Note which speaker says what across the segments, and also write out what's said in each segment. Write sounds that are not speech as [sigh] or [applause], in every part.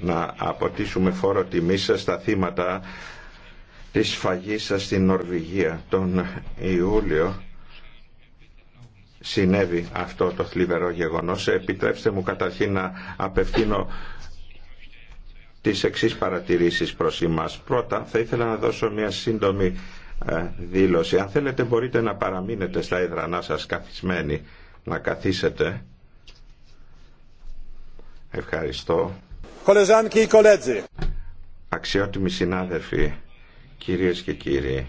Speaker 1: να αποτίσουμε φόρο σα στα θύματα της σφαγής στην Νορβηγία. Τον Ιούλιο συνέβη αυτό το θλιβερό γεγονός. Επιτρέψτε μου καταρχήν να απευθύνω τις εξής παρατηρήσεις προς εμάς. Πρώτα, θα ήθελα να δώσω μια σύντομη ε, δήλωση. Αν θέλετε μπορείτε να παραμείνετε στα έδρανά σας καθισμένοι, να καθίσετε. Ευχαριστώ. Koleżanki Αξιότιμοι συνάδελφοι, κυρίες και κύριοι,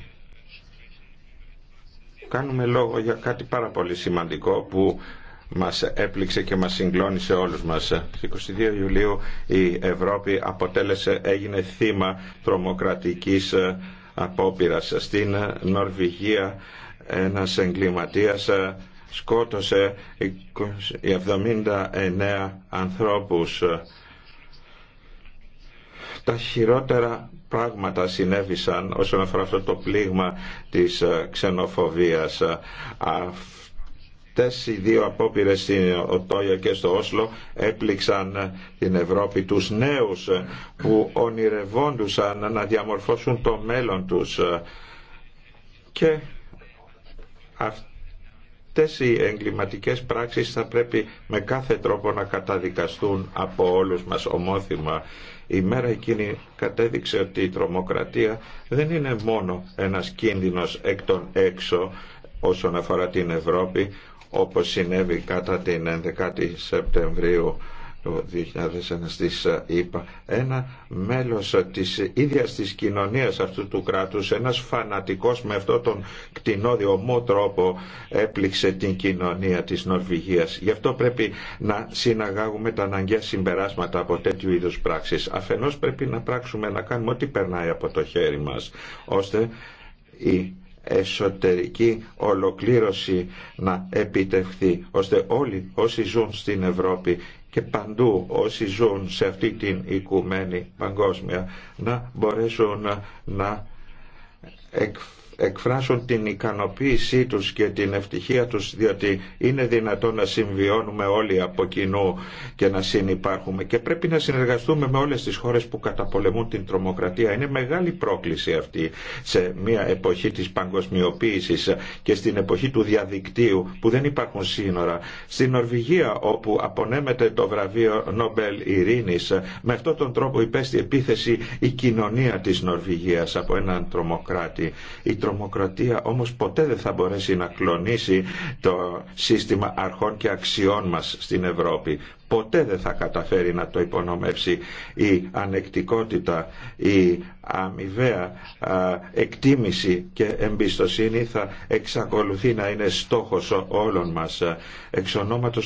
Speaker 1: κάνουμε λόγο για κάτι πάρα πολύ σημαντικό που μας έπληξε και μας συγκλώνησε όλους μας. 22 Ιουλίου η Ευρώπη αποτέλεσε, έγινε θύμα τρομοκρατικής απόπειρας. Στην Νορβηγία ένας εγκληματίας σκότωσε 79 ανθρώπους τα χειρότερα πράγματα συνέβησαν όσον αφορά αυτό το πλήγμα της ε, ξενοφοβίας. Ε, αυτές οι δύο απόπειρε στην Οτόγια και στο Όσλο έπληξαν ε, την Ευρώπη, τους νέους που ονειρευόντουσαν να διαμορφώσουν το μέλλον τους. Και αυτές οι εγκληματικές πράξεις θα πρέπει με κάθε τρόπο να καταδικαστούν από όλους μας ομόθυμα η μέρα εκείνη κατέδειξε ότι η τρομοκρατία δεν είναι μόνο ένας κίνδυνος εκ των έξω όσον αφορά την Ευρώπη, όπως συνέβη κατά την 11η Σεπτεμβρίου το 2001 στις ΙΠΑ ε, ένα μέλος της ίδιας της κοινωνίας αυτού του κράτους ένας φανατικός με αυτόν τον κτηνόδιωμό τρόπο έπληξε την κοινωνία της Νορβηγίας γι' αυτό πρέπει να συναγάγουμε τα αναγκαία συμπεράσματα από τέτοιου είδους πράξεις αφενός πρέπει να πράξουμε να κάνουμε ό,τι περνάει από το χέρι μας ώστε η εσωτερική ολοκλήρωση να επιτευχθεί ώστε όλοι όσοι ζουν στην Ευρώπη και παντού όσοι ζουν σε αυτή την οικουμένη παγκόσμια να μπορέσουν να εκφράσουν εκφράσουν την ικανοποίησή τους και την ευτυχία τους διότι είναι δυνατόν να συμβιώνουμε όλοι από κοινού και να συνεπάρχουμε και πρέπει να συνεργαστούμε με όλες τις χώρες που καταπολεμούν την τρομοκρατία. Είναι μεγάλη πρόκληση αυτή σε μια εποχή της παγκοσμιοποίησης και στην εποχή του διαδικτύου που δεν υπάρχουν σύνορα. Στην Νορβηγία όπου απονέμεται το βραβείο Νόμπελ Ειρήνης με αυτόν τον τρόπο υπέστη επίθεση η κοινωνία της Νορβηγίας από έναν τρομοκράτη τρομοκρατία όμως ποτέ δεν θα μπορέσει να κλονίσει το σύστημα αρχών και αξιών μας στην Ευρώπη. Ποτέ δεν θα καταφέρει να το υπονομεύσει η ανεκτικότητα, η αμοιβαία εκτίμηση και εμπιστοσύνη θα εξακολουθεί να είναι στόχος όλων μας. Εξ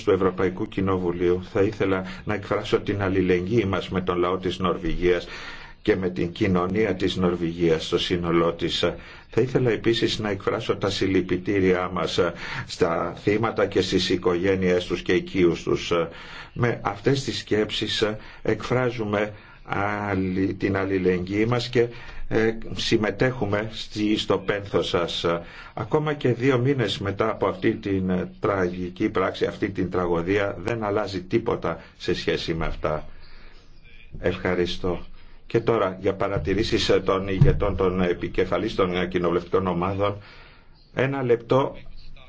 Speaker 1: του Ευρωπαϊκού Κοινοβουλίου θα ήθελα να εκφράσω την αλληλεγγύη μας με τον λαό της Νορβηγίας και με την κοινωνία της Νορβηγίας στο σύνολό της. Θα ήθελα επίσης να εκφράσω τα συλληπιτήριά μας στα θύματα και στις οικογένειές τους και οικείους τους. Με αυτές τις σκέψεις εκφράζουμε την αλληλεγγύη μας και ε, συμμετέχουμε στο πένθο σας. Ακόμα και δύο μήνες μετά από αυτή την ε, τραγική πράξη, αυτή την τραγωδία, δεν αλλάζει τίποτα σε σχέση με αυτά. Ευχαριστώ. Και τώρα για παρατηρήσεις ε, των ηγετών των επικεφαλής των ε, κοινοβουλευτικών ομάδων ένα λεπτό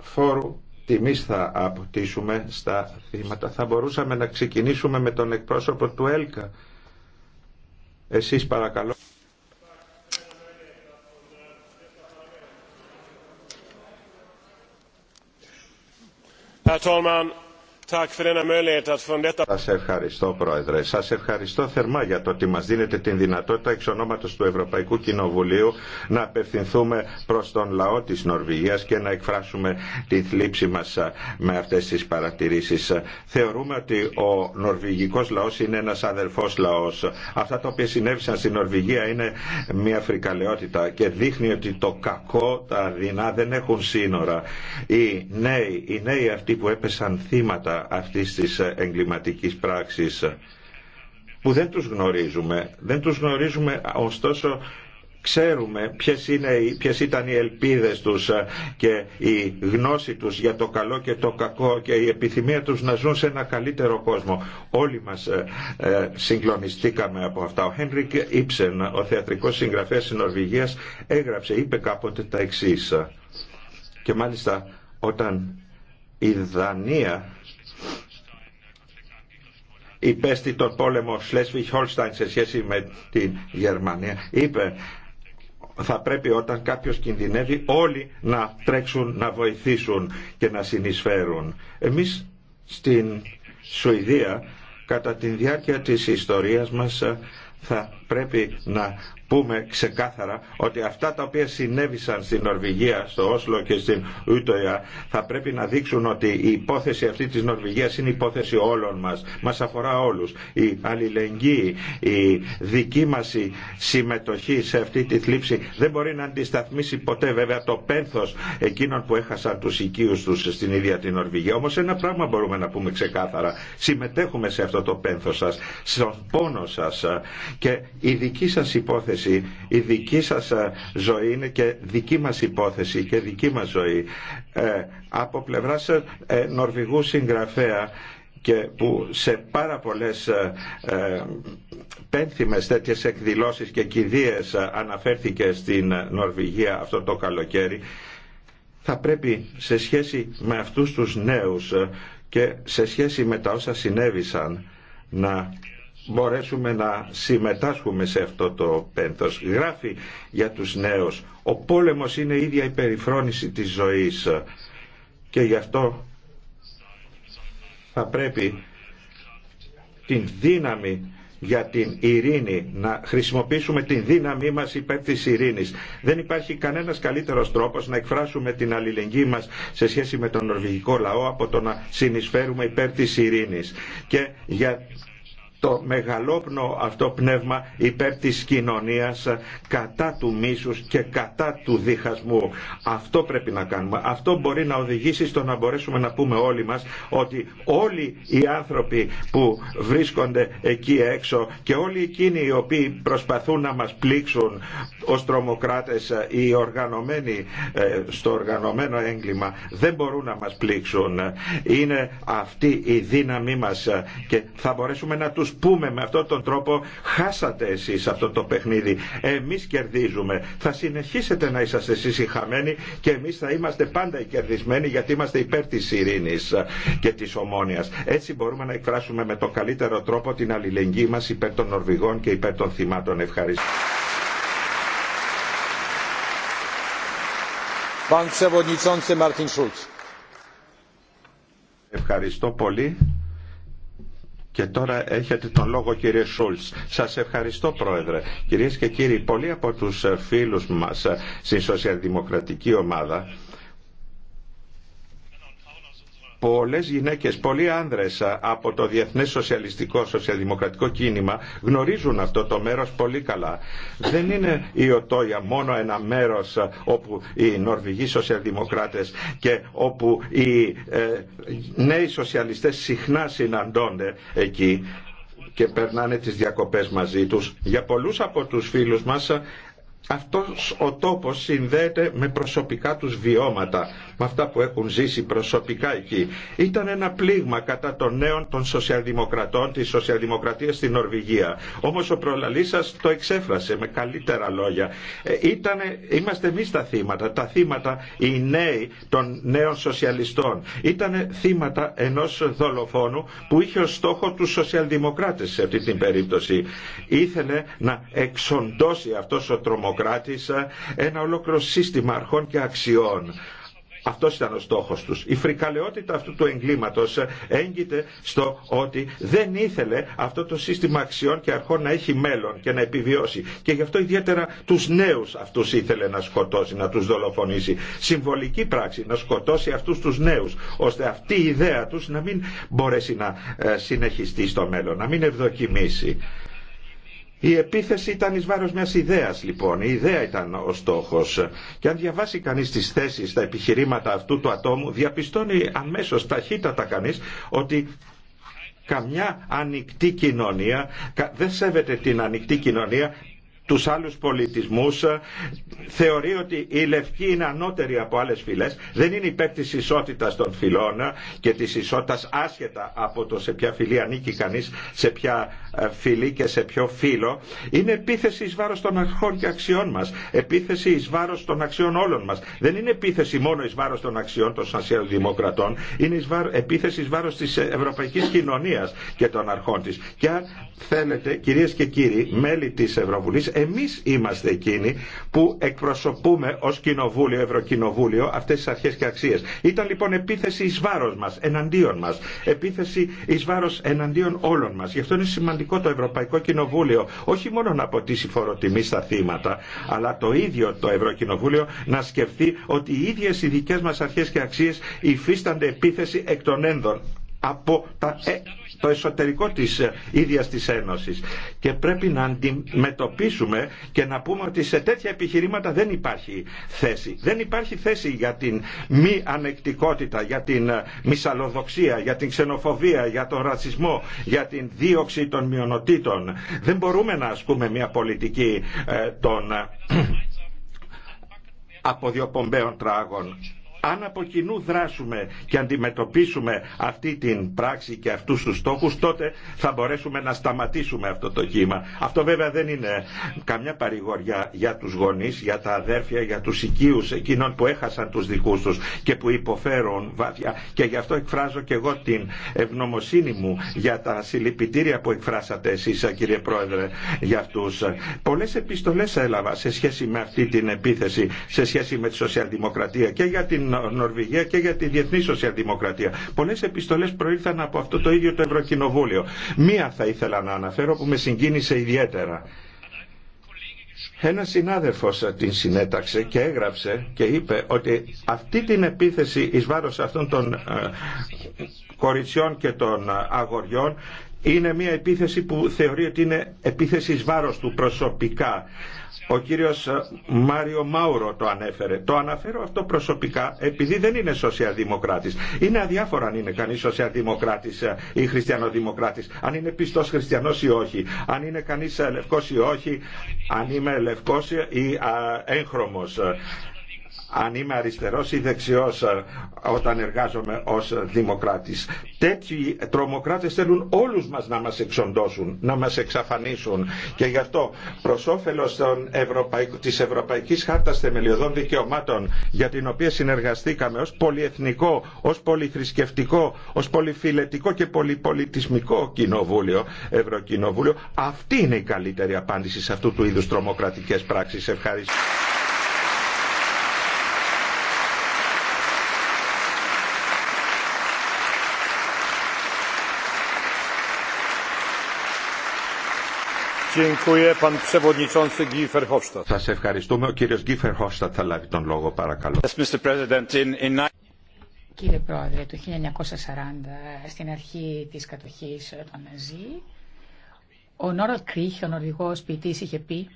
Speaker 1: φόρου τιμής θα αποτύσσουμε στα θύματα. Θα μπορούσαμε να ξεκινήσουμε με τον εκπρόσωπο του ΕΛΚΑ. Εσείς παρακαλώ. Herr Σα ευχαριστώ Πρόεδρε. Σα ευχαριστώ θερμά για το ότι μα δίνετε την δυνατότητα εξ ονόματο του Ευρωπαϊκού Κοινοβουλίου να απευθυνθούμε προ τον λαό τη Νορβηγία και να εκφράσουμε τη θλίψη μα με αυτέ τι παρατηρήσει. Θεωρούμε ότι ο Νορβηγικό λαό είναι ένα αδερφό λαό. Αυτά τα οποία συνέβησαν στην Νορβηγία είναι μια φρικαλαιότητα και δείχνει ότι το κακό, τα δεινά δεν έχουν σύνορα. Οι νέοι, οι νέοι αυτοί που έπεσαν θύματα αυτής της εγκληματικής πράξης που δεν τους γνωρίζουμε. Δεν τους γνωρίζουμε ωστόσο ξέρουμε ποιες, είναι, ποιες ήταν οι ελπίδες τους και η γνώση τους για το καλό και το κακό και η επιθυμία τους να ζουν σε ένα καλύτερο κόσμο. Όλοι μας ε, ε, συγκλονιστήκαμε από αυτά. Ο Χένρικ Ήψεν, ο θεατρικός συγγραφέας της Νορβηγίας, έγραψε, είπε κάποτε τα εξής. Και μάλιστα όταν η Δανία υπέστη τον πόλεμο Σλέσβιχ Χόλσταϊν σε σχέση με την Γερμανία. Είπε θα πρέπει όταν κάποιος κινδυνεύει όλοι να τρέξουν, να βοηθήσουν και να συνεισφέρουν. Εμείς στην Σουηδία κατά τη διάρκεια της ιστορίας μας θα πρέπει να πούμε ξεκάθαρα ότι αυτά τα οποία συνέβησαν στην Νορβηγία, στο Όσλο και στην Ούτοια θα πρέπει να δείξουν ότι η υπόθεση αυτή της Νορβηγίας είναι υπόθεση όλων μας. Μας αφορά όλους. Η αλληλεγγύη, η δική μας συμμετοχή σε αυτή τη θλίψη δεν μπορεί να αντισταθμίσει ποτέ βέβαια το πένθος εκείνων που έχασαν τους οικείους τους στην ίδια την Νορβηγία. Όμως ένα πράγμα μπορούμε να πούμε ξεκάθαρα. Συμμετέχουμε σε αυτό το πένθος σας, στον πόνο σας και η δική σας υπόθεση η δική σας ε, ζωή είναι και δική μας υπόθεση και δική μας ζωή. Ε, από πλευράς ε, Νορβηγού συγγραφέα και που σε πάρα πολλές ε, πένθυμες τέτοιες εκδηλώσεις και κηδείες αναφέρθηκε στην Νορβηγία αυτό το καλοκαίρι θα πρέπει σε σχέση με αυτούς τους νέους και σε σχέση με τα όσα συνέβησαν να μπορέσουμε να συμμετάσχουμε σε αυτό το πένθος. Γράφει για τους νέους. Ο πόλεμος είναι η ίδια η περιφρόνηση της ζωής και γι' αυτό θα πρέπει την δύναμη για την ειρήνη, να χρησιμοποιήσουμε την δύναμή μας υπέρ της ειρήνης. Δεν υπάρχει κανένας καλύτερος τρόπος να εκφράσουμε την αλληλεγγύη μας σε σχέση με τον νορβηγικό λαό από το να συνεισφέρουμε υπέρ της ειρήνης. Και για το μεγαλόπνο αυτό πνεύμα υπέρ της κοινωνίας κατά του μίσους και κατά του διχασμού. Αυτό πρέπει να κάνουμε. Αυτό μπορεί να οδηγήσει στο να μπορέσουμε να πούμε όλοι μας ότι όλοι οι άνθρωποι που βρίσκονται εκεί έξω και όλοι εκείνοι οι οποίοι προσπαθούν να μας πλήξουν ως τρομοκράτες οι οργανωμένοι ε, στο οργανωμένο έγκλημα δεν μπορούν να μας πλήξουν. Είναι αυτή η δύναμή μας και θα μπορέσουμε να τους πούμε με αυτόν τον τρόπο χάσατε εσείς αυτό το παιχνίδι. Εμείς κερδίζουμε. Θα συνεχίσετε να είσαστε εσείς οι χαμένοι και εμείς θα είμαστε πάντα οι κερδισμένοι γιατί είμαστε υπέρ της ειρήνης και της ομόνοιας. Έτσι μπορούμε να εκφράσουμε με τον καλύτερο τρόπο την αλληλεγγύη μας υπέρ των Νορβηγών και υπέρ των θυμάτων. Ευχαριστώ. Ευχαριστώ πολύ. Και τώρα έχετε τον λόγο κύριε Σούλτς. Σας ευχαριστώ πρόεδρε. Κυρίες και κύριοι, πολλοί από τους φίλους μας στη σοσιαλδημοκρατική ομάδα πολλές γυναίκες, πολλοί άνδρες από το Διεθνές Σοσιαλιστικό Σοσιαλδημοκρατικό Κίνημα γνωρίζουν αυτό το μέρος πολύ καλά. Δεν είναι η Οτόια μόνο ένα μέρος όπου οι Νορβηγοί Σοσιαλδημοκράτες και όπου οι ε, νέοι σοσιαλιστές συχνά συναντώνται εκεί και περνάνε τις διακοπές μαζί τους. Για πολλούς από τους φίλους μας αυτός ο τόπος συνδέεται με προσωπικά τους βιώματα, με αυτά που έχουν ζήσει προσωπικά εκεί. Ήταν ένα πλήγμα κατά των νέων των σοσιαλδημοκρατών της σοσιαλδημοκρατίας στην Νορβηγία. Όμως ο προλαλής σας το εξέφρασε με καλύτερα λόγια. Ε, ήτανε, είμαστε εμεί τα θύματα, τα θύματα οι νέοι των νέων σοσιαλιστών. Ήταν θύματα ενός δολοφόνου που είχε ως στόχο τους σοσιαλδημοκράτες σε αυτή την περίπτωση. Ήθελε να εξοντώσει αυτός ο ένα ολόκληρο σύστημα αρχών και αξιών. Αυτό ήταν ο στόχο του. Η φρικαλαιότητα αυτού του εγκλήματο έγκυται στο ότι δεν ήθελε αυτό το σύστημα αξιών και αρχών να έχει μέλλον και να επιβιώσει. Και γι' αυτό ιδιαίτερα του νέου αυτού ήθελε να σκοτώσει, να του δολοφονήσει. Συμβολική πράξη να σκοτώσει αυτού του νέου, ώστε αυτή η ιδέα του να μην μπορέσει να ε, συνεχιστεί στο μέλλον, να μην ευδοκιμήσει. Η επίθεση ήταν εις βάρος μιας ιδέας λοιπόν, η ιδέα ήταν ο στόχος. Και αν διαβάσει κανείς τις θέσεις, τα επιχειρήματα αυτού του ατόμου, διαπιστώνει αμέσως ταχύτατα κανείς ότι καμιά ανοιχτή κοινωνία, δεν σέβεται την ανοιχτή κοινωνία, τους άλλους πολιτισμούς, ε, θεωρεί ότι η λευκή είναι ανώτερη από άλλες φυλές, δεν είναι υπέρ της ισότητας των φυλών ε, και της ισότητας άσχετα από το σε ποια φυλή ανήκει κανείς, σε ποια Φιλή και σε ποιο φίλο είναι επίθεση εις βάρος των αρχών και αξιών μας, επίθεση εις βάρος των αξιών όλων μας. Δεν είναι επίθεση μόνο εις βάρος των αξιών των σοσιαλδημοκρατών, είναι εις επίθεση εις βάρος της ευρωπαϊκής κοινωνίας και των αρχών της. Και αν θέλετε, κυρίες και κύριοι, μέλη της Ευρωβουλής, εμείς είμαστε εκείνοι που εκπροσωπούμε ως Κοινοβούλιο, Ευρωκοινοβούλιο, αυτές τις αρχές και αξίες. Ήταν λοιπόν επίθεση εις βάρος μας, εναντίον μας, επίθεση εις βάρος εναντίον όλων μας. Γι' αυτό είναι σημαντικό σημαντικό το Ευρωπαϊκό Κοινοβούλιο όχι μόνο να αποτίσει φοροτιμή στα θύματα, αλλά το ίδιο το Ευρωκοινοβούλιο να σκεφτεί ότι οι ίδιες οι δικές μας αρχές και αξίες υφίστανται επίθεση εκ των ένδων από ε, το εσωτερικό της ε, ίδιας της Ένωσης. Και πρέπει να αντιμετωπίσουμε και να πούμε ότι σε τέτοια επιχειρήματα δεν υπάρχει θέση. Δεν υπάρχει θέση για την μη ανεκτικότητα, για την ε, μυσαλλοδοξία, για την ξενοφοβία, για τον ρατσισμό, για την δίωξη των μειονοτήτων. Δεν μπορούμε να ασκούμε μια πολιτική των [clears throat] αποδιοπομπαίων τράγων αν από κοινού δράσουμε και αντιμετωπίσουμε αυτή την πράξη και αυτούς τους στόχους, τότε θα μπορέσουμε να σταματήσουμε αυτό το κύμα. Αυτό βέβαια δεν είναι καμιά παρηγοριά για τους γονείς, για τα αδέρφια, για τους οικείους εκείνων που έχασαν τους δικούς τους και που υποφέρουν βάθια. Και γι' αυτό εκφράζω και εγώ την ευγνωμοσύνη μου για τα συλληπιτήρια που εκφράσατε εσείς κύριε Πρόεδρε για αυτούς. Πολλές επιστολές έλαβα σε σχέση με αυτή την επίθεση, σε σχέση με τη σοσιαλδημοκρατία και για την Νορβηγία και για τη Διεθνή Σοσιαλδημοκρατία. Πολλέ επιστολέ προήλθαν από αυτό το ίδιο το Ευρωκοινοβούλιο. Μία θα ήθελα να αναφέρω που με συγκίνησε ιδιαίτερα. Ένα συνάδελφο την συνέταξε και έγραψε και είπε ότι αυτή την επίθεση εις βάρος αυτών των ε, κοριτσιών και των ε, αγοριών είναι μια επίθεση που θεωρεί ότι είναι επίθεση εις βάρος του προσωπικά. Ο κύριος ε, Μάριο Μάουρο το ανέφερε. Το αναφέρω αυτό προσωπικά επειδή δεν είναι σοσιαλδημοκράτης. Είναι αδιάφορο αν είναι κανείς σοσιαλδημοκράτης ε, ή χριστιανοδημοκράτης, αν είναι πιστός χριστιανός ή όχι, αν είναι κανείς λευκός ή όχι, αν είμαι λευκός ή έγχρωμος αν είμαι αριστερός ή δεξιός ε, όταν εργάζομαι ως δημοκράτης. Τέτοιοι τρομοκράτες θέλουν όλους μας να μας εξοντώσουν, να μας εξαφανίσουν και γι' αυτό προς όφελος των Ευρωπαϊκ... της Ευρωπαϊκής Χάρτας Θεμελιωδών Δικαιωμάτων για την οποία συνεργαστήκαμε ως πολυεθνικό, ως πολυθρησκευτικό, ως πολυφιλετικό και πολυπολιτισμικό κοινοβούλιο, Ευρωκοινοβούλιο, αυτή είναι η καλύτερη απάντηση σε αυτού του είδους τρομοκρατικές πράξεις. Ευχαριστώ. Σας ευχαριστούμε. Ο κύριος Γκίφερ Χόφστατ θα λάβει τον λόγο παρακαλώ.
Speaker 2: Κύριε Πρόεδρε, το 1940 στην αρχή της κατοχής ε, των Ναζί ο Νόραλ Κρίχ, ο νορβηγός ποιητής, είχε πει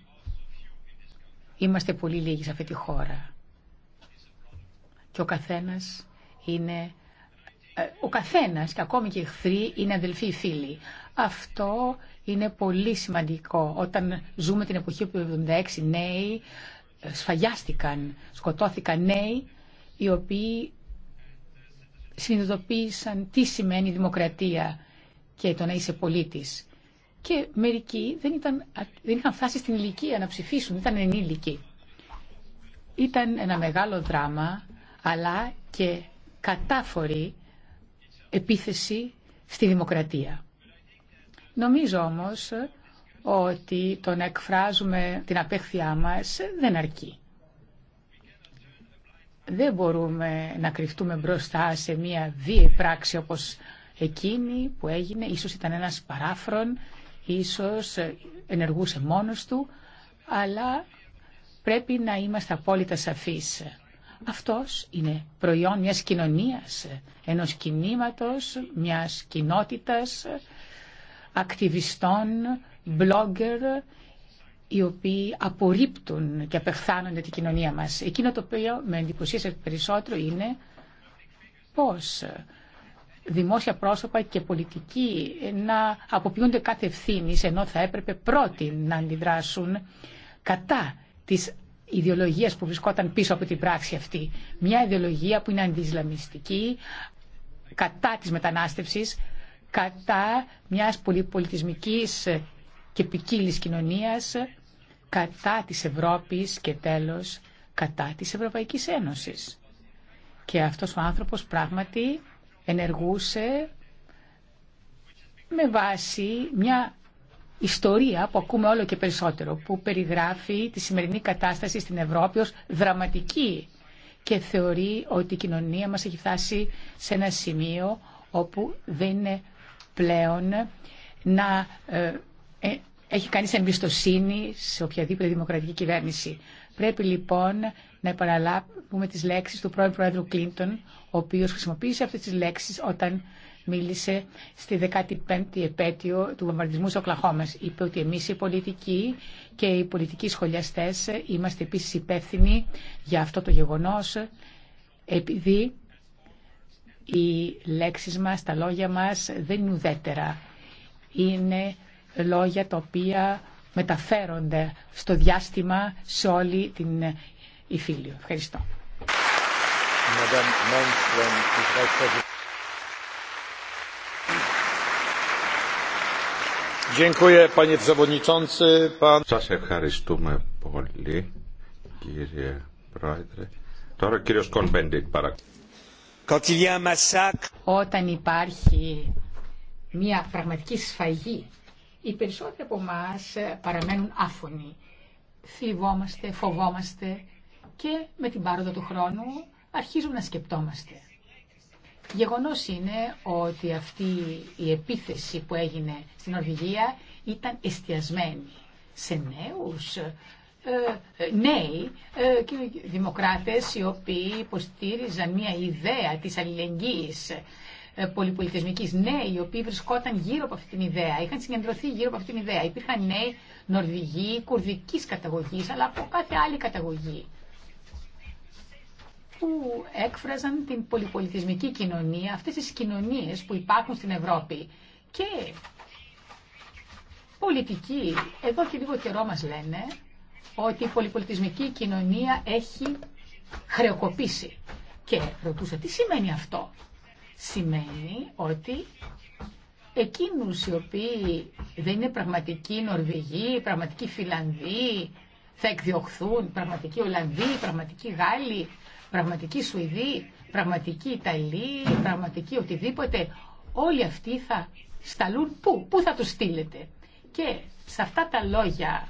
Speaker 2: «Είμαστε πολύ λίγοι σε αυτή τη χώρα και ο καθένας είναι ε, ο καθένας και ακόμη και οι εχθροί είναι αδελφοί φίλοι. Αυτό είναι πολύ σημαντικό. Όταν ζούμε την εποχή που 76 νέοι ε, σφαγιάστηκαν, σκοτώθηκαν νέοι, οι οποίοι συνειδητοποίησαν τι σημαίνει δημοκρατία και το να είσαι πολίτης. Και μερικοί δεν, ήταν, δεν είχαν φτάσει στην ηλικία να ψηφίσουν, ήταν ενήλικοι. Ήταν ένα μεγάλο δράμα, αλλά και κατάφορη επίθεση στη δημοκρατία. Νομίζω όμως ότι το να εκφράζουμε την απέχθειά μας δεν αρκεί. Δεν μπορούμε να κρυφτούμε μπροστά σε μια βίαιη πράξη όπως εκείνη που έγινε. Ίσως ήταν ένας παράφρον, ίσως ενεργούσε μόνος του, αλλά πρέπει να είμαστε απόλυτα σαφείς. Αυτός είναι προϊόν μιας κοινωνίας, ενός κινήματος, μιας κοινότητας, ακτιβιστών, blogger, οι οποίοι απορρίπτουν και απεχθάνονται την κοινωνία μας. Εκείνο το οποίο με εντυπωσίασε περισσότερο είναι πώς δημόσια πρόσωπα και πολιτικοί να αποποιούνται κάθε ευθύνη, ενώ θα έπρεπε πρώτοι να αντιδράσουν κατά της ιδεολογίας που βρισκόταν πίσω από την πράξη αυτή. Μια ιδεολογία που είναι αντισλαμιστική, κατά της μετανάστευσης, κατά μιας πολυπολιτισμικής και ποικίλη κοινωνίας, κατά της Ευρώπης και τέλος κατά της Ευρωπαϊκής Ένωσης. Και αυτός ο άνθρωπος πράγματι ενεργούσε με βάση μια ιστορία που ακούμε όλο και περισσότερο, που περιγράφει τη σημερινή κατάσταση στην Ευρώπη ως δραματική και θεωρεί ότι η κοινωνία μας έχει φτάσει σε ένα σημείο όπου δεν είναι πλέον να ε, ε, έχει κανείς εμπιστοσύνη σε οποιαδήποτε δημοκρατική κυβέρνηση. Πρέπει λοιπόν να επαναλάβουμε τις λέξεις του πρώην Πρόεδρου Κλίντον, ο οποίος χρησιμοποίησε αυτές τις λέξεις όταν μίλησε στη 15η επέτειο του βομβαρδισμού στο Κλαχώμας. Είπε ότι εμείς οι πολιτικοί και οι πολιτικοί σχολιαστές είμαστε επίσης υπεύθυνοι για αυτό το γεγονός, επειδή οι λέξεις μας, τα λόγια μας δεν είναι ουδέτερα. Είναι λόγια τα οποία μεταφέρονται στο διάστημα σε όλη την Ιφίλιο. Ευχαριστώ.
Speaker 1: Σας ευχαριστούμε πολύ κύριε Πρόεδρε. Τώρα ο κύριος Κολμπέντιτ παρακολουθεί.
Speaker 2: Όταν υπάρχει μια πραγματική σφαγή, οι περισσότεροι από εμά ε, παραμένουν άφωνοι. θυμόμαστε, φοβόμαστε και με την πάροδο του χρόνου αρχίζουμε να σκεπτόμαστε. Γεγονός είναι ότι αυτή η επίθεση που έγινε στην Ορβηγία ήταν εστιασμένη σε νέους, ε, νέοι ε, και δημοκράτες οι οποίοι υποστήριζαν μια ιδέα της αλληλεγγύης ε, πολυπολιτισμικής νέοι οι οποίοι βρισκόταν γύρω από αυτή την ιδέα, είχαν συγκεντρωθεί γύρω από αυτή την ιδέα. Υπήρχαν νέοι Νορβηγοί, κουρδικής καταγωγής, αλλά από κάθε άλλη καταγωγή που έκφραζαν την πολυπολιτισμική κοινωνία, αυτές τις κοινωνίες που υπάρχουν στην Ευρώπη. Και πολιτικοί, εδώ και λίγο καιρό μας λένε, ότι η πολυπολιτισμική κοινωνία έχει χρεοκοπήσει. Και ρωτούσα τι σημαίνει αυτό. Σημαίνει ότι εκείνους οι οποίοι δεν είναι πραγματικοί Νορβηγοί, πραγματικοί Φιλανδοί, θα εκδιωχθούν, πραγματικοί Ολλανδοί, πραγματικοί Γάλλοι, πραγματικοί Σουηδοί, πραγματικοί Ιταλοί, πραγματικοί οτιδήποτε, όλοι αυτοί θα σταλούν πού, πού θα τους στείλετε. Και σε αυτά τα λόγια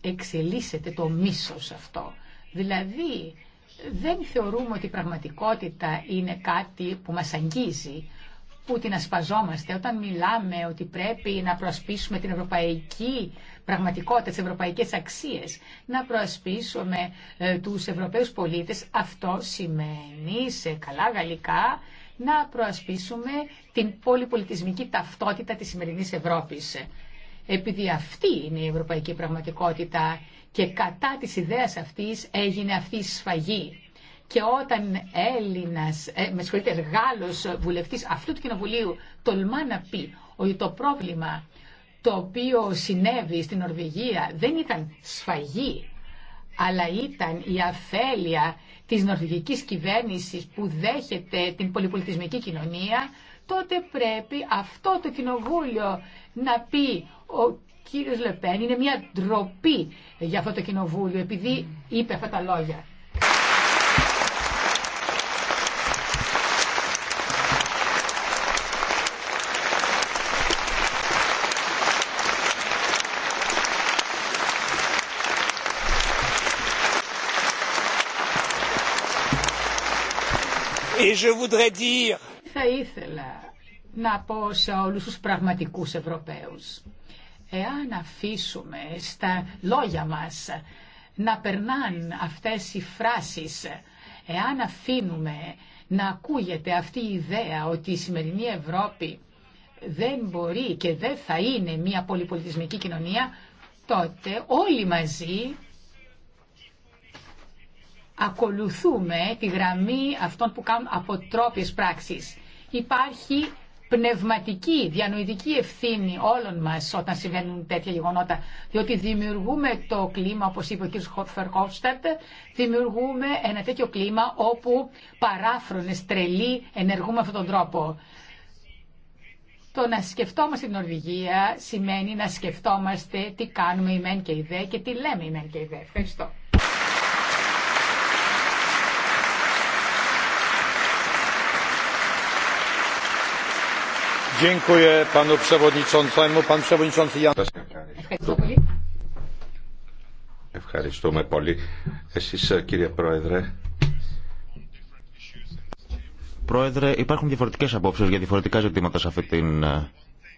Speaker 2: εξελίσσεται το μίσος αυτό. Δηλαδή δεν θεωρούμε ότι η πραγματικότητα είναι κάτι που μας αγγίζει, που την ασπαζόμαστε όταν μιλάμε ότι πρέπει να προασπίσουμε την ευρωπαϊκή πραγματικότητα, τις ευρωπαϊκές αξίες, να προασπίσουμε ε, τους Ευρωπαίους πολίτες. Αυτό σημαίνει σε καλά γαλλικά να προασπίσουμε την πολυπολιτισμική ταυτότητα της σημερινής Ευρώπης επειδή αυτή είναι η ευρωπαϊκή πραγματικότητα και κατά της ιδέας αυτής έγινε αυτή η σφαγή. Και όταν Έλληνας, ε, με συγχωρείτε, Γάλλος βουλευτής αυτού του κοινοβουλίου τολμά να πει ότι το πρόβλημα το οποίο συνέβη στην Νορβηγία δεν ήταν σφαγή, αλλά ήταν η αφέλεια της νορβηγικής κυβέρνησης που δέχεται την πολυπολιτισμική κοινωνία, τότε πρέπει αυτό το κοινοβούλιο να πει ο κύριος Λεπέν είναι μια ντροπή για αυτό το κοινοβούλιο επειδή είπε αυτά τα λόγια. Et je voudrais Θα ήθελα να πω σε όλους τους πραγματικούς Ευρωπαίους Εάν αφήσουμε στα λόγια μας να περνάν αυτές οι φράσεις, εάν αφήνουμε να ακούγεται αυτή η ιδέα ότι η σημερινή Ευρώπη δεν μπορεί και δεν θα είναι μια πολυπολιτισμική κοινωνία, τότε όλοι μαζί ακολουθούμε τη γραμμή αυτών που κάνουν αποτρόπιες πράξεις. Υπάρχει πνευματική, διανοητική ευθύνη όλων μας όταν συμβαίνουν τέτοια γεγονότα. Διότι δημιουργούμε το κλίμα, όπως είπε ο κ. Φερχόφστατ, δημιουργούμε ένα τέτοιο κλίμα όπου παράφρονες, τρελοί ενεργούμε αυτόν τον τρόπο. Το να σκεφτόμαστε την Νορβηγία σημαίνει να σκεφτόμαστε τι κάνουμε οι μεν και οι δε και τι λέμε οι μεν και η δε. Ευχαριστώ.
Speaker 1: Ευχαριστούμε πολύ. Εσείς ε, κύριε Πρόεδρε.
Speaker 3: Πρόεδρε, υπάρχουν διαφορετικές απόψεις για διαφορετικά ζητήματα σε αυτή την ε,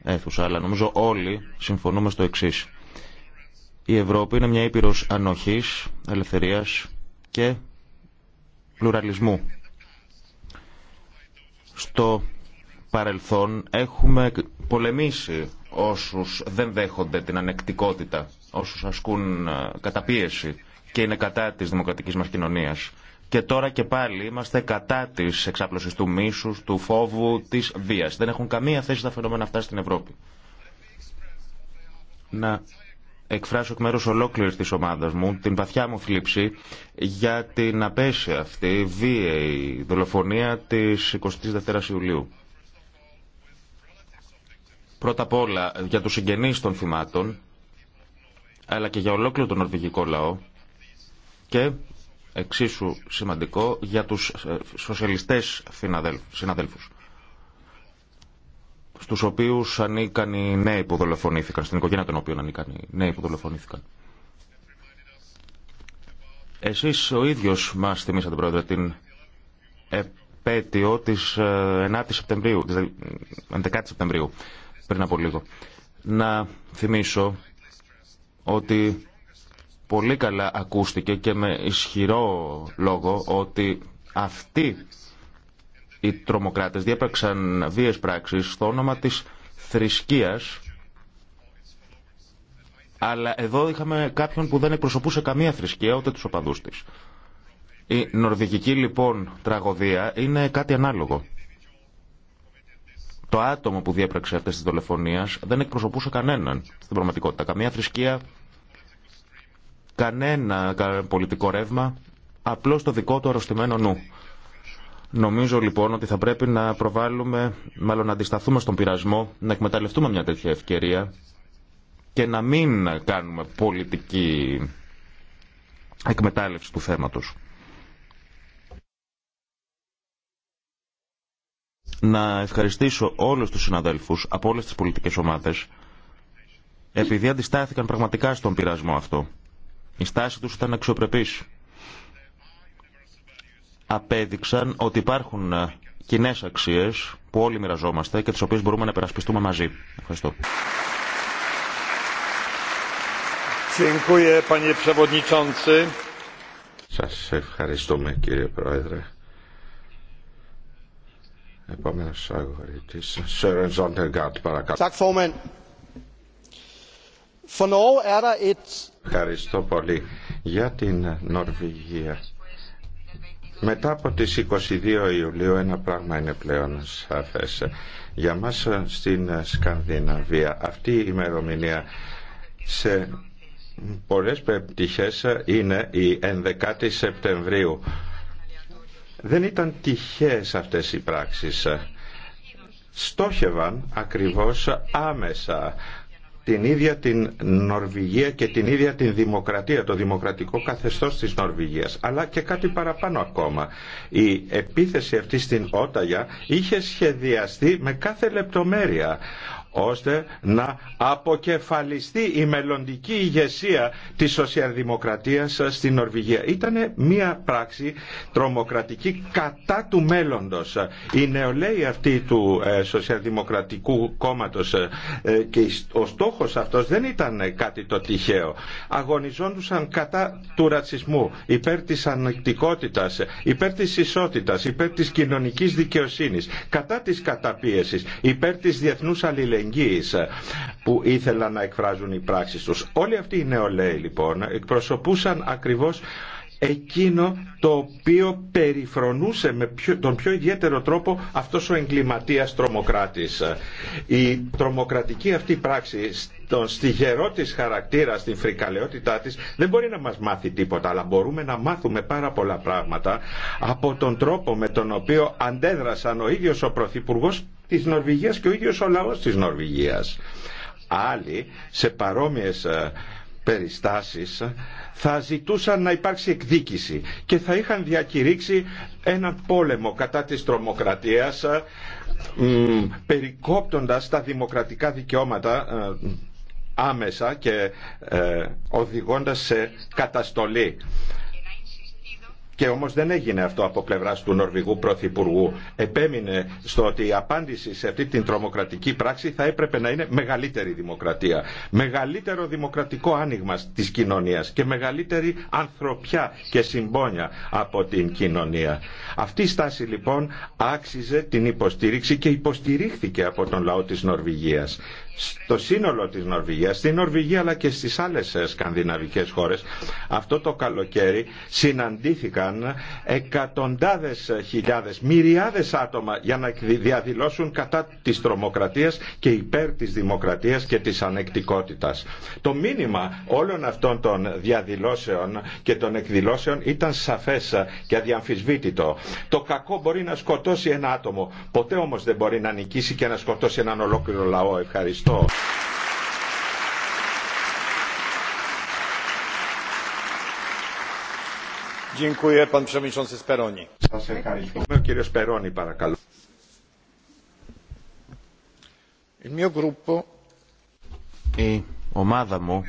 Speaker 3: αίθουσα, αλλά νομίζω όλοι συμφωνούμε στο εξής. Η Ευρώπη είναι μια ήπειρος ανοχής, ελευθερίας και πλουραλισμού. Στο παρελθόν έχουμε πολεμήσει όσους δεν δέχονται την ανεκτικότητα, όσους ασκούν ε, καταπίεση και είναι κατά της δημοκρατικής μας κοινωνίας. Και τώρα και πάλι είμαστε κατά της εξάπλωσης του μίσους, του φόβου, της βίας. Δεν έχουν καμία θέση τα φαινόμενα αυτά στην Ευρώπη. Να εκφράσω εκ μέρους ολόκληρης της ομάδας μου την βαθιά μου θλίψη για την απέσια αυτή βίαιη δολοφονία της 22 Ιουλίου. Πρώτα απ' όλα για τους συγγενείς των θυμάτων, αλλά και για ολόκληρο τον νορβηγικό λαό και εξίσου σημαντικό για τους ε, σοσιαλιστές συναδέλφους στους οποίους ανήκαν οι νέοι που δολοφονήθηκαν, στην οικογένεια των οποίων ανήκαν οι νέοι που δολοφονήθηκαν. Εσείς ο ίδιος μας θυμήσατε, Πρόεδρε, την επέτειο της 9 ε, Σεπτεμβρίου, της ε, Σεπτεμβρίου πριν από λίγο. Να θυμίσω ότι πολύ καλά ακούστηκε και με ισχυρό λόγο ότι αυτοί οι τρομοκράτες διέπραξαν βίες πράξεις στο όνομα της θρησκείας αλλά εδώ είχαμε κάποιον που δεν εκπροσωπούσε καμία θρησκεία ούτε τους οπαδούς της. Η νορβηγική λοιπόν τραγωδία είναι κάτι ανάλογο το άτομο που διέπραξε αυτές τις δολοφονίες δεν εκπροσωπούσε κανέναν στην πραγματικότητα. Καμία θρησκεία, κανένα πολιτικό ρεύμα, απλώς το δικό του αρρωστημένο νου. Νομίζω λοιπόν ότι θα πρέπει να προβάλλουμε, μάλλον να αντισταθούμε στον πειρασμό, να εκμεταλλευτούμε μια τέτοια ευκαιρία και να μην κάνουμε πολιτική εκμετάλλευση του θέματος. να ευχαριστήσω όλους τους συναδέλφους από όλες τις πολιτικές ομάδες επειδή αντιστάθηκαν πραγματικά στον πειρασμό αυτό. Η στάση τους ήταν αξιοπρεπής. Απέδειξαν ότι υπάρχουν ε, κοινέ αξίες που όλοι μοιραζόμαστε και τις οποίες μπορούμε να περασπιστούμε μαζί. Ευχαριστώ.
Speaker 1: Σας ευχαριστούμε κύριε Πρόεδρε. Er Ευχαριστώ πολύ για την Νορβηγία. Μετά από τις 22 Ιουλίου ένα πράγμα είναι πλέον σαφές. Για μας ε, στην Σκανδιναβία αυτή η ημερομηνία σε πολλές πετυχέ ε, είναι η 11η Σεπτεμβρίου δεν ήταν τυχαίες αυτές οι πράξεις. Στόχευαν ακριβώς άμεσα την ίδια την Νορβηγία και την ίδια την δημοκρατία, το δημοκρατικό καθεστώς της Νορβηγίας, αλλά και κάτι παραπάνω ακόμα. Η επίθεση αυτή στην Όταγια είχε σχεδιαστεί με κάθε λεπτομέρεια ώστε να αποκεφαλιστεί η μελλοντική ηγεσία της σοσιαλδημοκρατίας στην Νορβηγία. Ήταν μια πράξη τρομοκρατική κατά του μέλλοντος. Η νεολαίοι αυτή του ε, σοσιαλδημοκρατικού κόμματος ε, ε, και ο στόχος αυτός δεν ήταν κάτι το τυχαίο. Αγωνιζόντουσαν κατά του ρατσισμού, υπέρ της ανεκτικότητας, υπέρ της ισότητας, υπέρ της κοινωνικής δικαιοσύνης, κατά της καταπίεσης, υπέρ της διεθνούς αλληλεγγύης ε, που ήθελαν να εκφράζουν οι πράξεις τους. Όλοι αυτοί οι νεολαίοι λοιπόν εκπροσωπούσαν ακριβώς εκείνο το οποίο περιφρονούσε με τον πιο ιδιαίτερο τρόπο αυτός ο εγκληματίας τρομοκράτης. Η τρομοκρατική αυτή πράξη στον στιγερό της χαρακτήρα, στην φρικαλαιότητά της, δεν μπορεί να μας μάθει τίποτα, αλλά μπορούμε να μάθουμε πάρα πολλά πράγματα από τον τρόπο με τον οποίο αντέδρασαν ο ίδιος ο Πρωθυπουργό της Νορβηγίας και ο ίδιος ο λαός της Νορβηγίας. Άλλοι σε παρόμοιες ε, περιστάσεις θα ζητούσαν να υπάρξει εκδίκηση και θα είχαν διακηρύξει ένα πόλεμο κατά της τρομοκρατίας ε, περικόπτοντας τα δημοκρατικά δικαιώματα ε, άμεσα και οδηγώντας σε καταστολή. Και όμως δεν έγινε αυτό από πλευράς του Νορβηγού Πρωθυπουργού. Επέμεινε στο ότι η απάντηση σε αυτή την τρομοκρατική πράξη θα έπρεπε να είναι μεγαλύτερη δημοκρατία. Μεγαλύτερο δημοκρατικό άνοιγμα της κοινωνίας και μεγαλύτερη ανθρωπιά και συμπόνια από την κοινωνία. Αυτή η στάση λοιπόν άξιζε την υποστήριξη και υποστηρίχθηκε από τον λαό της Νορβηγίας στο σύνολο της Νορβηγίας, στην Νορβηγία αλλά και στις άλλες ε, σκανδιναβικές χώρες αυτό το καλοκαίρι συναντήθηκαν εκατοντάδες ε, χιλιάδες, μυριάδες άτομα για να διαδηλώσουν κατά της τρομοκρατίας και υπέρ της δημοκρατίας και της ανεκτικότητας. Το μήνυμα όλων αυτών των διαδηλώσεων και των εκδηλώσεων ήταν σαφές ε, και αδιαμφισβήτητο. Το κακό μπορεί να σκοτώσει ένα άτομο, ποτέ όμως δεν μπορεί να νικήσει και να σκοτώσει έναν ολόκληρο λαό. Ευχαριστώ. Ευχαριστώ. ευχαριστούμε. παρακαλώ.
Speaker 3: Η ομάδα μου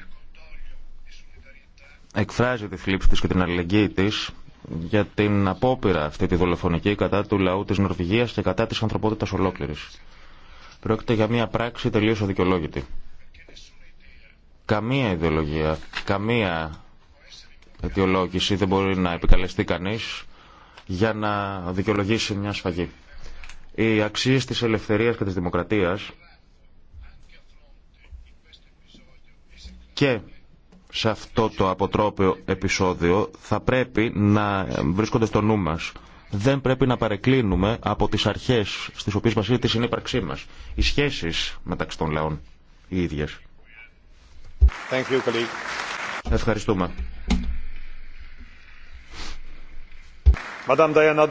Speaker 3: εκφράζει τη θλίψη της και την αλληλεγγύη της για την απόπειρα αυτή τη δολοφονική κατά του λαού της Νορβηγίας και κατά της ανθρωπότητας ολόκληρης. Πρόκειται για μια πράξη τελείως αδικαιολόγητη. Καμία ιδεολογία, καμία αιτιολόγηση δεν μπορεί να επικαλεστεί κανείς για να δικαιολογήσει μια σφαγή. Οι αξίες της ελευθερίας και της δημοκρατίας και σε αυτό το αποτρόπαιο επεισόδιο θα πρέπει να βρίσκονται στο νου μας δεν πρέπει να παρεκκλίνουμε από τις αρχές στις οποίες βασίζεται η συνύπαρξή μας. Οι σχέσεις μεταξύ των λαών οι ίδιες. Ευχαριστούμε.
Speaker 1: Madame Diana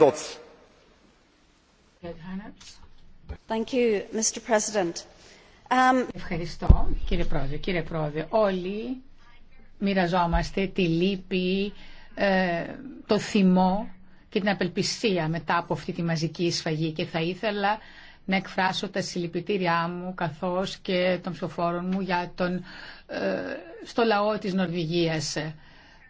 Speaker 3: Thank you, Mr. President. Um,
Speaker 2: Ευχαριστώ, κύριε Πρόεδρε. Κύριε Πρόεδρε, όλοι μοιραζόμαστε τη λύπη, ε, το θυμό και την απελπισία μετά από αυτή τη μαζική σφαγή και θα ήθελα να εκφράσω τα συλληπιτήριά μου καθώς και των ψηφοφόρων μου για τον, ε, στο λαό της Νορβηγίας.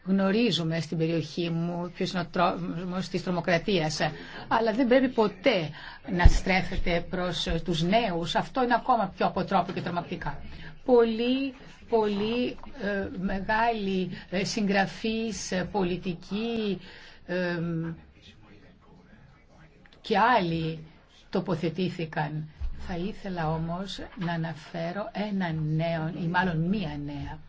Speaker 2: Γνωρίζουμε στην περιοχή μου ποιος είναι ο τρόμος της τρομοκρατίας, αλλά δεν πρέπει ποτέ να στρέφεται προς τους νέους. Αυτό είναι ακόμα πιο αποτρόπιο και τρομακτικά. Πολύ, πολύ ε, μεγάλη ε, ε πολιτική, και άλλοι τοποθετήθηκαν. Θα ήθελα όμως να αναφέρω ένα νέο ή μάλλον μία νέα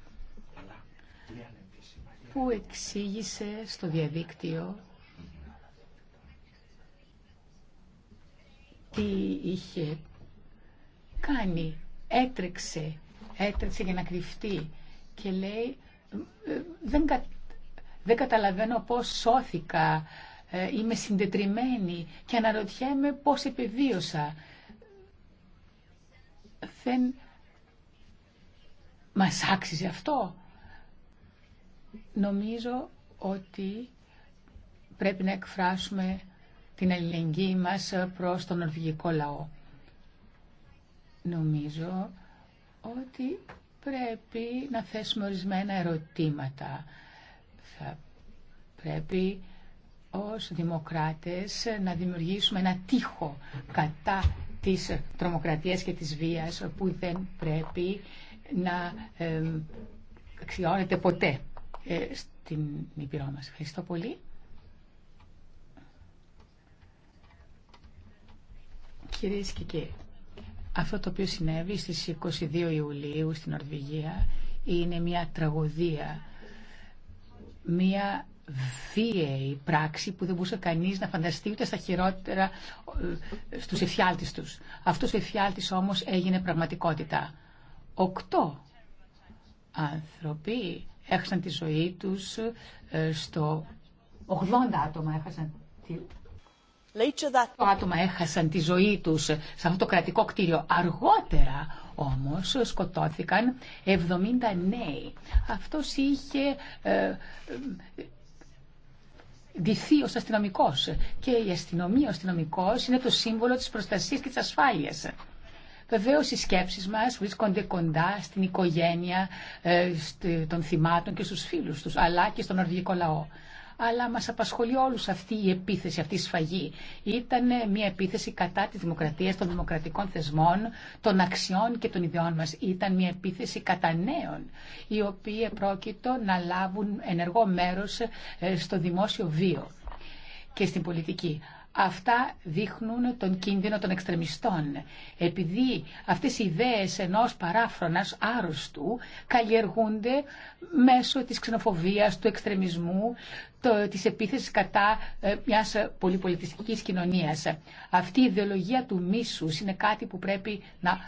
Speaker 2: που εξήγησε στο διαδίκτυο τι είχε κάνει. Έτρεξε, έτρεξε για να κρυφτεί και λέει «Ε, δεν, δεν καταλαβαίνω πώς σώθηκα ε, είμαι συντετριμένη και αναρωτιέμαι πώς επιβίωσα. Δεν μας άξιζε αυτό. Νομίζω ότι πρέπει να εκφράσουμε την αλληλεγγύη μας προς τον νορβηγικό λαό. Νομίζω ότι πρέπει να θέσουμε ορισμένα ερωτήματα. Θα πρέπει ως δημοκράτες να δημιουργήσουμε ένα τείχο κατά της τρομοκρατίας και της βίας που δεν πρέπει να ε, αξιώνεται ποτέ ε, στην Ήπειρό μας. Ευχαριστώ πολύ. Κυρίες και κύριοι, αυτό το οποίο συνέβη στις 22 Ιουλίου στην Ορβηγία είναι μια τραγωδία, μια βίαιη πράξη που δεν μπορούσε κανείς να φανταστεί ούτε στα χειρότερα ε, στους εφιάλτες τους. Αυτός ο εφιάλτης όμως έγινε πραγματικότητα. Οκτώ άνθρωποι έχασαν τη ζωή τους ε, στο... 80 άτομα έχασαν τη... Το άτομα έχασαν τη ζωή τους σε αυτό το κρατικό κτίριο. Αργότερα όμως σκοτώθηκαν 70 νέοι. Αυτός είχε ε, δυθεί ως αστυνομικός. Και η αστυνομία, ο αστυνομικός είναι το σύμβολο της προστασίας και της ασφάλειας. Βεβαίω οι σκέψει μα βρίσκονται κοντά στην οικογένεια ε, των θυμάτων και στου φίλου του, αλλά και στον νορβηγικό λαό αλλά μας απασχολεί όλους αυτή η επίθεση, αυτή η σφαγή. Ήταν μια επίθεση κατά της δημοκρατίας, των δημοκρατικών θεσμών, των αξιών και των ιδεών μας. Ήταν μια επίθεση κατά νέων, οι οποίοι επρόκειτο να λάβουν ενεργό μέρος ε, στο δημόσιο βίο και στην πολιτική. Αυτά δείχνουν τον κίνδυνο των εξτρεμιστών. Επειδή αυτές οι ιδέες ενός παράφρονας άρρωστου καλλιεργούνται μέσω της ξενοφοβίας, του εξτρεμισμού, το, της επίθεσης κατά ε, μιας πολυπολιτιστικής κοινωνίας. Αυτή η ιδεολογία του μίσους είναι κάτι που πρέπει να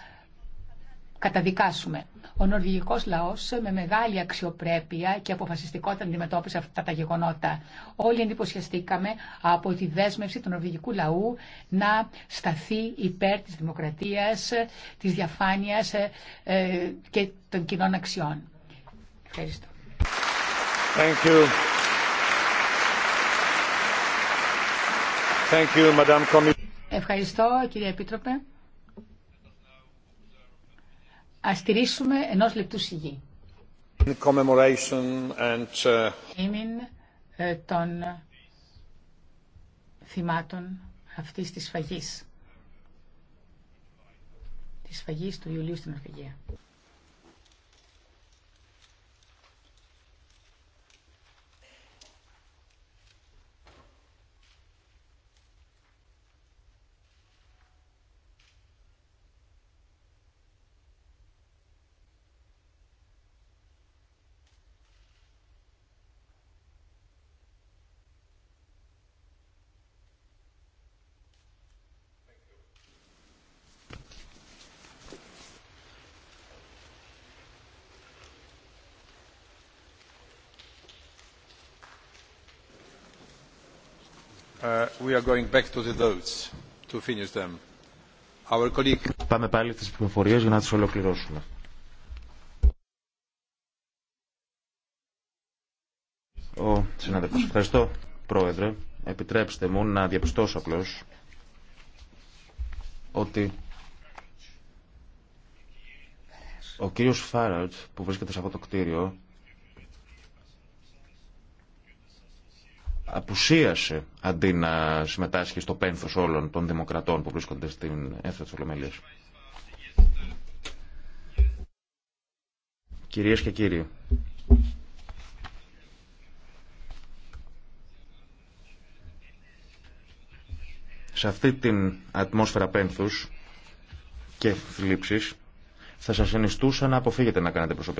Speaker 2: καταδικάσουμε. Ο Νορβηγικό λαός με μεγάλη αξιοπρέπεια και αποφασιστικότητα αντιμετώπισε αυτά τα γεγονότα. Όλοι εντυπωσιαστήκαμε από τη δέσμευση του νορβηγικού λαού να σταθεί υπέρ τη δημοκρατίας, της διαφάνειας ε, ε, και των κοινών αξιών. Ευχαριστώ.
Speaker 1: Thank you. Thank you,
Speaker 2: Ευχαριστώ κύριε Επίτροπε. Ας στηρίσουμε ενός λεπτού σιγή. Uh, Ήμην ε, των θυμάτων αυτής της φαγής. Της φαγής του Ιουλίου στην Ορβηγία.
Speaker 3: Πάμε πάλι στις πληροφορίες για να τις ολοκληρώσουμε. Ο συνάδελφος. Ευχαριστώ, Πρόεδρε. Επιτρέψτε μου να διαπιστώσω απλώς ότι ο κύριος Φάραλτ που βρίσκεται σε αυτό το κτίριο απουσίασε αντί να συμμετάσχει στο πένθος όλων των δημοκρατών που βρίσκονται στην αίθουσα της Ολομελίας. Κυρίες και κύριοι, σε αυτή την ατμόσφαιρα πένθους και θλίψης θα σας ενιστούσα να αποφύγετε να κάνετε προσωπικό.